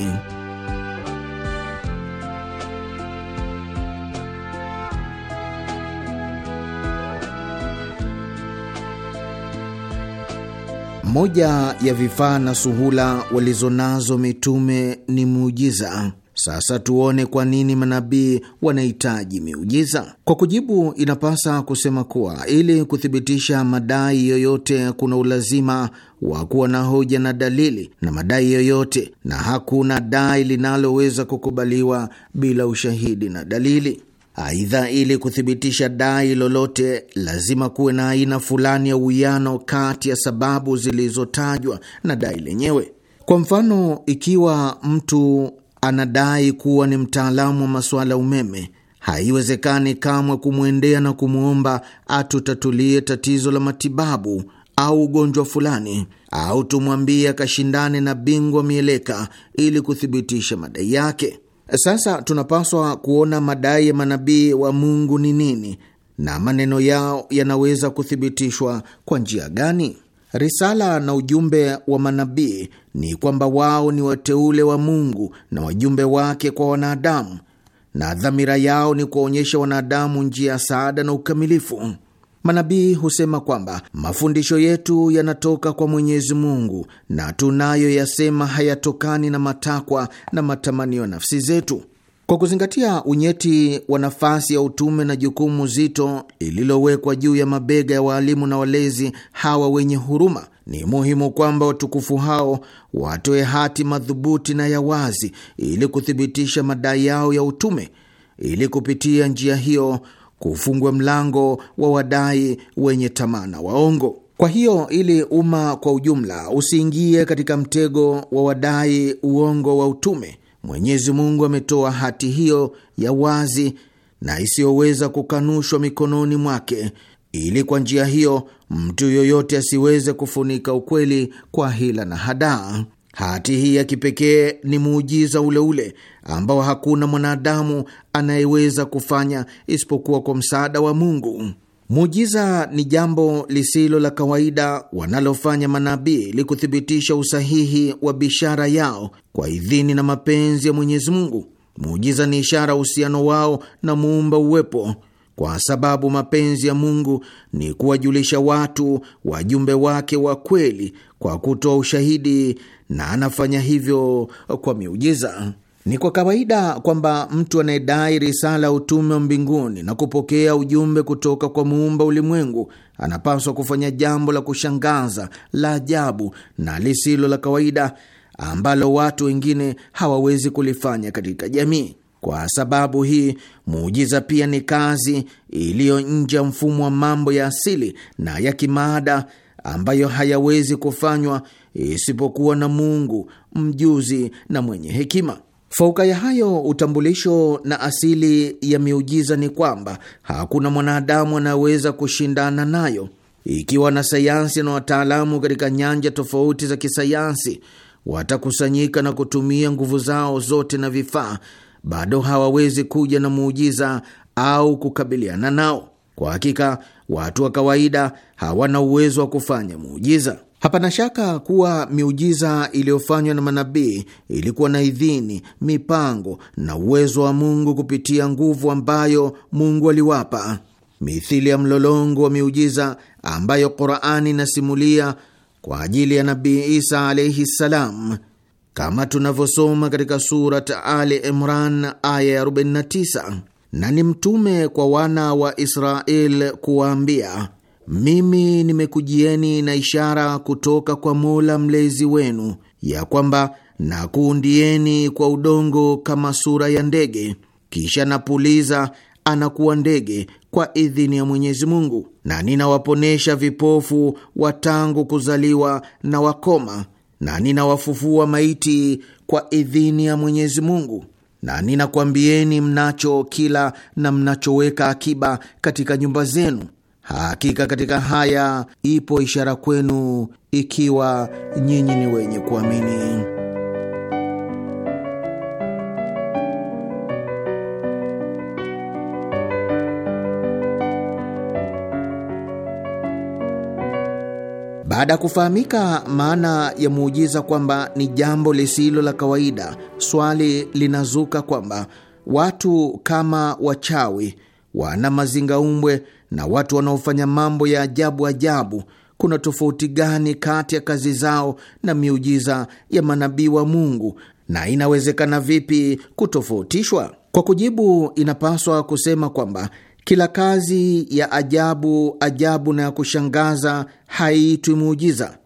Moja ya vifaa na suhula walizonazo mitume ni muujiza. Sasa tuone kwa nini manabii wanahitaji miujiza. Kwa kujibu, inapasa kusema kuwa ili kuthibitisha madai yoyote kuna ulazima wa kuwa na hoja na dalili na madai yoyote, na hakuna dai linaloweza kukubaliwa bila ushahidi na dalili. Aidha, ili kuthibitisha dai lolote lazima kuwe na aina fulani ya uwiano kati ya sababu zilizotajwa na dai lenyewe. Kwa mfano, ikiwa mtu anadai kuwa ni mtaalamu wa masuala ya umeme, haiwezekani kamwe kumwendea na kumwomba atutatulie tatizo la matibabu au ugonjwa fulani au tumwambie akashindane na bingwa mieleka ili kuthibitisha madai yake. Sasa tunapaswa kuona madai ya manabii wa Mungu ni nini na maneno yao yanaweza kuthibitishwa kwa njia gani? Risala na ujumbe wa manabii ni kwamba wao ni wateule wa Mungu na wajumbe wake kwa wanadamu, na dhamira yao ni kuwaonyesha wanadamu njia ya saada na ukamilifu. Manabii husema kwamba mafundisho yetu yanatoka kwa Mwenyezi Mungu na tunayoyasema hayatokani na matakwa na matamanio ya nafsi zetu. Kwa kuzingatia unyeti wa nafasi ya utume na jukumu zito lililowekwa juu ya mabega ya waalimu na walezi hawa wenye huruma, ni muhimu kwamba watukufu hao watoe hati madhubuti na ya wazi ili kuthibitisha madai yao ya utume, ili kupitia njia hiyo kufungwe mlango wa wadai wenye tamana waongo. Kwa hiyo ili umma kwa ujumla usiingie katika mtego wa wadai uongo wa utume, Mwenyezi Mungu ametoa hati hiyo ya wazi na isiyoweza kukanushwa mikononi mwake, ili kwa njia hiyo mtu yoyote asiweze kufunika ukweli kwa hila na hadaa. Hati hii ya kipekee ni muujiza uleule ambao hakuna mwanadamu anayeweza kufanya isipokuwa kwa msaada wa Mungu. Muujiza ni jambo lisilo la kawaida wanalofanya manabii ili kuthibitisha usahihi wa bishara yao kwa idhini na mapenzi ya Mwenyezi Mungu. Muujiza ni ishara uhusiano wao na muumba uwepo, kwa sababu mapenzi ya Mungu ni kuwajulisha watu wajumbe wake wa kweli kwa kutoa ushahidi na anafanya hivyo kwa miujiza. Ni kwa kawaida kwamba mtu anayedai risala ya utume wa mbinguni na kupokea ujumbe kutoka kwa muumba ulimwengu anapaswa kufanya jambo la kushangaza, la ajabu na lisilo la kawaida ambalo watu wengine hawawezi kulifanya katika jamii. Kwa sababu hii, muujiza pia ni kazi iliyo nje ya mfumo wa mambo ya asili na ya kimaada ambayo hayawezi kufanywa isipokuwa na Mungu mjuzi na mwenye hekima. Fauka ya hayo, utambulisho na asili ya miujiza ni kwamba hakuna mwanadamu anayeweza kushindana nayo. Ikiwa na sayansi na wataalamu katika nyanja tofauti za kisayansi watakusanyika na kutumia nguvu zao zote na vifaa, bado hawawezi kuja na muujiza au kukabiliana nao. Kwa hakika Watu wa kawaida hawana uwezo wa kufanya muujiza. Hapana shaka kuwa miujiza iliyofanywa na manabii ilikuwa na idhini, mipango na uwezo wa Mungu kupitia nguvu ambayo Mungu aliwapa, mithili ya mlolongo wa miujiza ambayo Qurani inasimulia kwa ajili ya Nabii Isa alaihi ssalam, kama tunavyosoma katika Surat Ali Imran aya ya 49 na ni mtume kwa wana wa Israel kuwaambia, mimi nimekujieni na ishara kutoka kwa Mola mlezi wenu, ya kwamba nakuundieni kwa udongo kama sura ya ndege, kisha napuliza anakuwa ndege kwa idhini ya Mwenyezi Mungu, na ninawaponesha vipofu wa tangu kuzaliwa na wakoma, na ninawafufua maiti kwa idhini ya Mwenyezi Mungu na ninakwambieni kila na mnachoweka akiba katika nyumba zenu, hakika katika haya ipo ishara kwenu, ikiwa nyinyi ni wenye kuamini. Baada ya kufahamika maana ya muujiza kwamba ni jambo lisilo la kawaida, swali linazuka kwamba watu kama wachawi, wana mazingaumbwe na watu wanaofanya mambo ya ajabu ajabu, kuna tofauti gani kati ya kazi zao na miujiza ya manabii wa Mungu, na inawezekana vipi kutofautishwa? Kwa kujibu, inapaswa kusema kwamba kila kazi ya ajabu ajabu na ya kushangaza haitwi muujiza,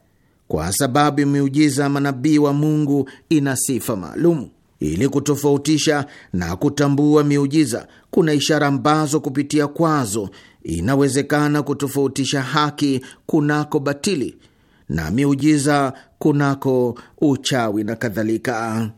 kwa sababu miujiza manabii wa Mungu ina sifa maalum. Ili kutofautisha na kutambua miujiza, kuna ishara ambazo kupitia kwazo inawezekana kutofautisha haki kunako batili na miujiza kunako uchawi na kadhalika.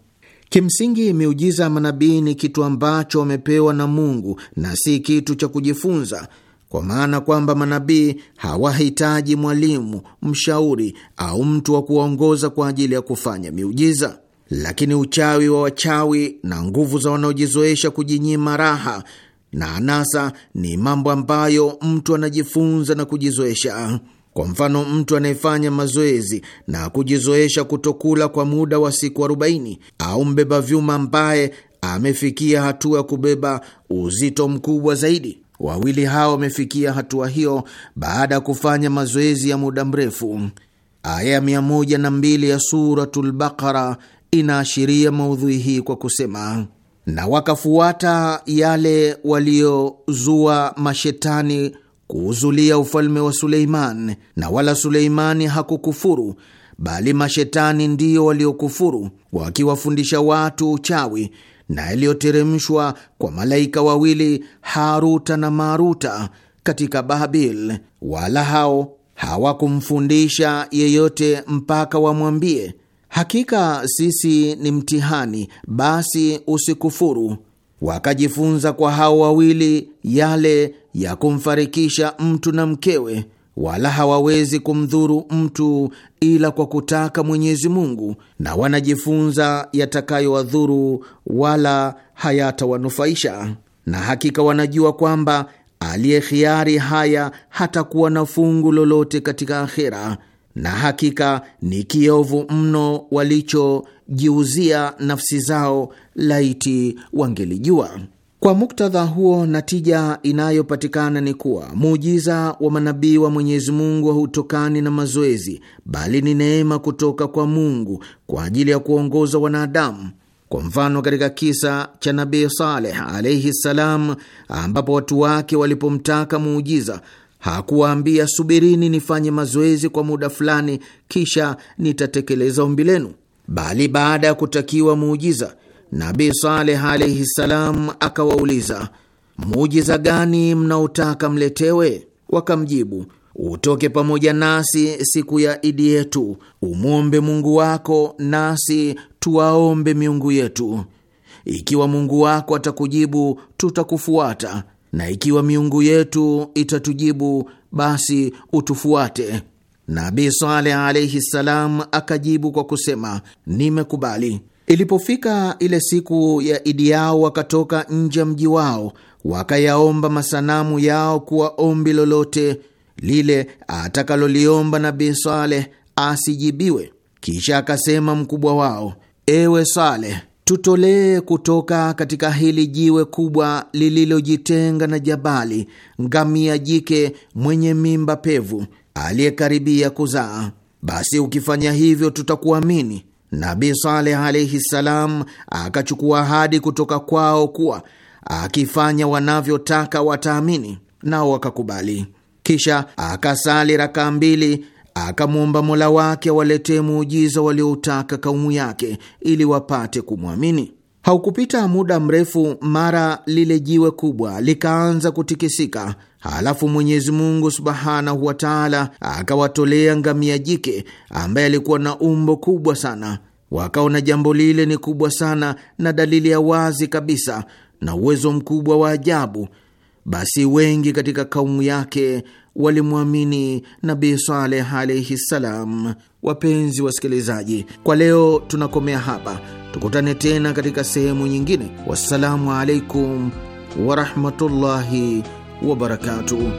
Kimsingi, miujiza ya manabii ni kitu ambacho wamepewa na Mungu na si kitu cha kujifunza, kwa maana kwamba manabii hawahitaji mwalimu, mshauri au mtu wa kuwaongoza kwa ajili ya kufanya miujiza. Lakini uchawi wa wachawi na nguvu za wanaojizoesha kujinyima raha na anasa ni mambo ambayo mtu anajifunza na kujizoesha. Kwa mfano, mtu anayefanya mazoezi na kujizoesha kutokula kwa muda wa siku 40 au mbeba vyuma ambaye amefikia hatua ya kubeba uzito mkubwa zaidi. Wawili hao wamefikia hatua hiyo baada ya kufanya mazoezi ya muda mrefu. Aya 102 ya Suratul Baqara inaashiria maudhui hii kwa kusema na wakafuata yale waliozua mashetani kuuzulia ufalme wa Suleiman, na wala Suleimani hakukufuru, bali mashetani ndio waliokufuru, wakiwafundisha watu uchawi na yaliyoteremshwa kwa malaika wawili Haruta na Maruta katika Babil, wala hao hawakumfundisha yeyote mpaka wamwambie, hakika sisi ni mtihani, basi usikufuru wakajifunza kwa hao wawili yale ya kumfarikisha mtu na mkewe, wala hawawezi kumdhuru mtu ila kwa kutaka Mwenyezi Mungu, na wanajifunza yatakayowadhuru wala hayatawanufaisha, na hakika wanajua kwamba aliye khiari haya hatakuwa na fungu lolote katika akhera na hakika ni kiovu mno walichojiuzia nafsi zao, laiti wangelijua. Kwa muktadha huo, natija inayopatikana ni kuwa muujiza wa manabii wa Mwenyezi Mungu hautokani na mazoezi, bali ni neema kutoka kwa Mungu kwa ajili ya kuongoza wanadamu. Kwa mfano, katika kisa cha Nabii Saleh alaihi ssalam, ambapo watu wake walipomtaka muujiza Hakuwaambia subirini nifanye mazoezi kwa muda fulani, kisha nitatekeleza ombi lenu, bali baada ya kutakiwa muujiza, Nabii Saleh alaihi salam akawauliza, muujiza gani mnaotaka mletewe? Wakamjibu, utoke pamoja nasi siku ya Idi yetu, umwombe Mungu wako, nasi tuwaombe miungu yetu. Ikiwa Mungu wako atakujibu, tutakufuata na ikiwa miungu yetu itatujibu basi utufuate. nabi Saleh alaihi ssalam akajibu kwa kusema nimekubali. Ilipofika ile siku ya Idi yao, wakatoka nje ya mji wao, wakayaomba masanamu yao kuwa ombi lolote lile atakaloliomba nabi Saleh asijibiwe. Kisha akasema mkubwa wao, ewe Saleh, tutolee kutoka katika hili jiwe kubwa lililojitenga na jabali, ngamia jike mwenye mimba pevu aliyekaribia kuzaa. Basi ukifanya hivyo tutakuamini. Nabi Saleh alaihi ssalam akachukua ahadi kutoka kwao kuwa akifanya wanavyotaka wataamini, nao wakakubali. Kisha akasali rakaa mbili akamwomba Mola wake awaletee muujiza walioutaka kaumu yake ili wapate kumwamini. Haukupita muda mrefu, mara lile jiwe kubwa likaanza kutikisika. Halafu Mwenyezi Mungu subhanahu wa taala akawatolea ngamia jike ambaye alikuwa na umbo kubwa sana. Wakaona jambo lile ni kubwa sana na dalili ya wazi kabisa na uwezo mkubwa wa ajabu. Basi wengi katika kaumu yake walimwamini Nabii Saleh alaihi ssalam. Wapenzi wasikilizaji, kwa leo tunakomea hapa, tukutane tena katika sehemu nyingine. Wassalamu alaikum warahmatullahi wabarakatuh.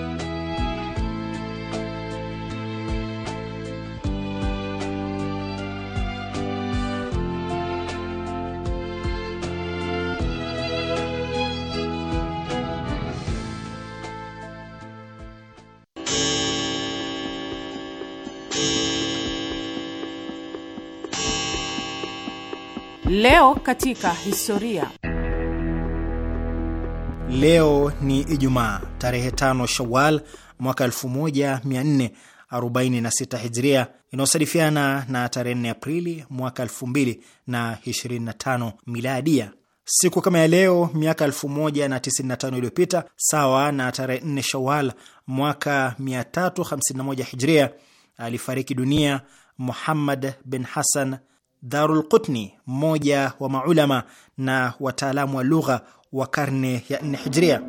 Leo katika historia.
Leo ni Ijumaa tarehe tano Shawal mwaka 1446 Hijria, inayosadifiana na tarehe 4 Aprili mwaka 2025 Miladia. Siku kama ya leo miaka 1095 iliyopita, sawa na tarehe 4 Shawal mwaka 351 Hijria, alifariki dunia Muhammad bin Hassan Darul Qutni, mmoja wa maulama na wataalamu wa lugha wa karne ya 4 Hijria.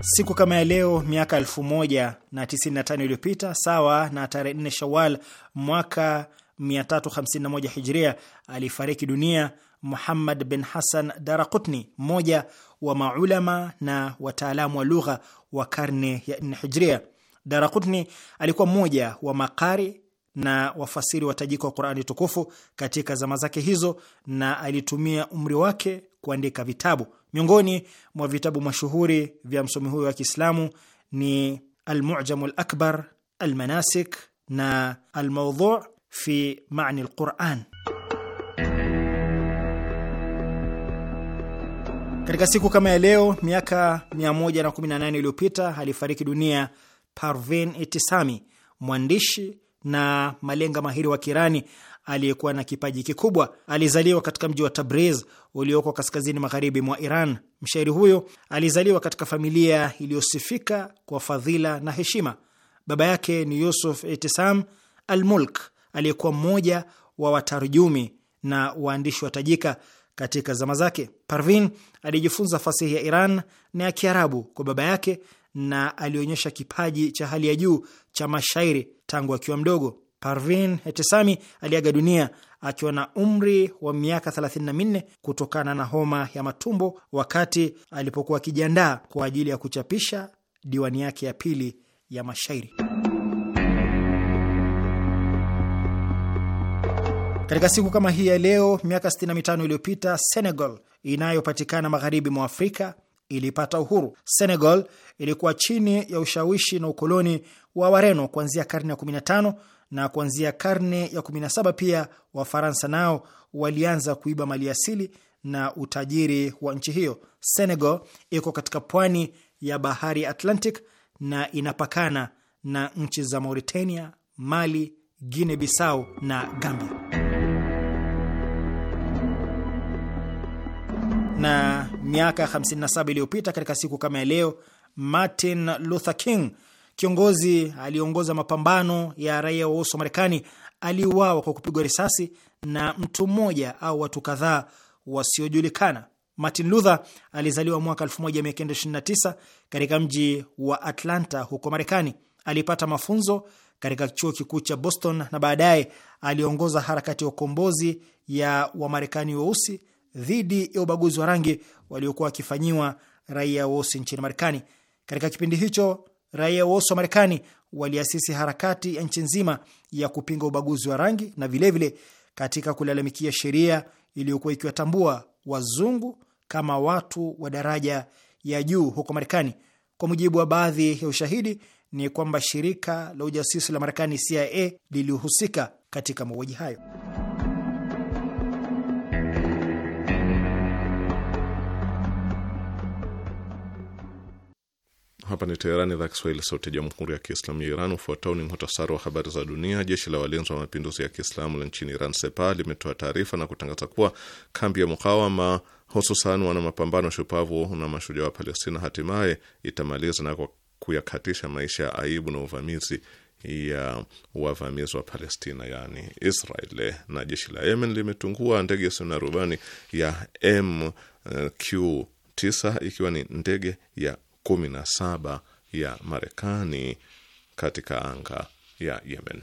Siku kama ya leo miaka 1095 iliyopita, sawa na tarehe 4 Shawal mwaka 351 Hijria, alifariki dunia Muhammad bin Hassan Daraqutni, mmoja wa maulama na wataalamu wa lugha wa karne ya 4 Hijria. Darakutni alikuwa mmoja wa makari na wafasiri watajika wa Qurani tukufu katika zama zake hizo, na alitumia umri wake kuandika vitabu. Miongoni mwa vitabu mashuhuri vya msomi huyo wa Kiislamu ni Almujamu Lakbar, Almanasik na Almaudhu fi mani Lquran. Katika siku kama ya leo miaka 118 iliyopita alifariki dunia Parvin Itisami, mwandishi na malenga mahiri wa Kirani aliyekuwa na kipaji kikubwa. Alizaliwa katika mji wa Tabriz ulioko kaskazini magharibi mwa Iran. Mshairi huyo alizaliwa katika familia iliyosifika kwa fadhila na heshima. Baba yake ni Yusuf Itisam Almulk aliyekuwa mmoja wa watarjumi na waandishi wa tajika katika zama zake. Parvin alijifunza fasihi ya Iran na ya Kiarabu kwa baba yake na alionyesha kipaji cha hali ya juu cha mashairi tangu akiwa mdogo. Parvin etesami aliaga dunia akiwa na umri wa miaka 34 kutokana na homa ya matumbo wakati alipokuwa akijiandaa kwa ajili ya kuchapisha diwani yake ya pili ya mashairi. Katika siku kama hii ya leo miaka 65 iliyopita, Senegal inayopatikana magharibi mwa Afrika ilipata uhuru. Senegal ilikuwa chini ya ushawishi na ukoloni wa Wareno kuanzia karne ya 15 na kuanzia karne ya 17 pia Wafaransa nao walianza kuiba mali asili na utajiri wa nchi hiyo. Senegal iko katika pwani ya bahari Atlantic na inapakana na nchi za Mauritania, Mali, Guinea Bissau na Gambia. na miaka 57 iliyopita katika siku kama ya leo, Martin Luther King, kiongozi aliyeongoza mapambano ya raia weusi wa Marekani, aliuawa kwa kupigwa risasi na mtu mmoja au watu kadhaa wasiojulikana. Martin Luther alizaliwa mwaka 1929 katika mji wa Atlanta huko Marekani. Alipata mafunzo katika chuo kikuu cha Boston na baadaye aliongoza harakati ya ukombozi ya Wamarekani weusi dhidi ya ubaguzi wa rangi waliokuwa wakifanyiwa raia weusi nchini Marekani. Katika kipindi hicho, raia weusi wa Marekani waliasisi harakati ya nchi nzima ya kupinga ubaguzi wa rangi na vilevile vile katika kulalamikia sheria iliyokuwa ikiwatambua wazungu kama watu wa daraja ya juu huko Marekani. Kwa mujibu wa baadhi ya ushahidi ni kwamba shirika la ujasusi la Marekani CIA lilihusika katika mauaji hayo.
Hapa ni Teherani, idhaa Kiswahili, sauti ya jamhuri ya kiislamu ya Iran. Ufuatao ni muhtasari wa habari za dunia. Jeshi la walinzi wa mapinduzi ya kiislamu la nchini Iran, Sepa, limetoa taarifa na kutangaza kuwa kambi ya mukawama, hususan wana mapambano shupavu na mashujaa wa Palestina, hatimaye itamaliza na kuyakatisha maisha ya aibu na uvamizi ya wavamizi wa Palestina yani Israel. Na jeshi la Yemen limetungua ndege isiyo na rubani ya MQ9 ikiwa ni ndege ya 17 ya Marekani katika anga ya Yemen.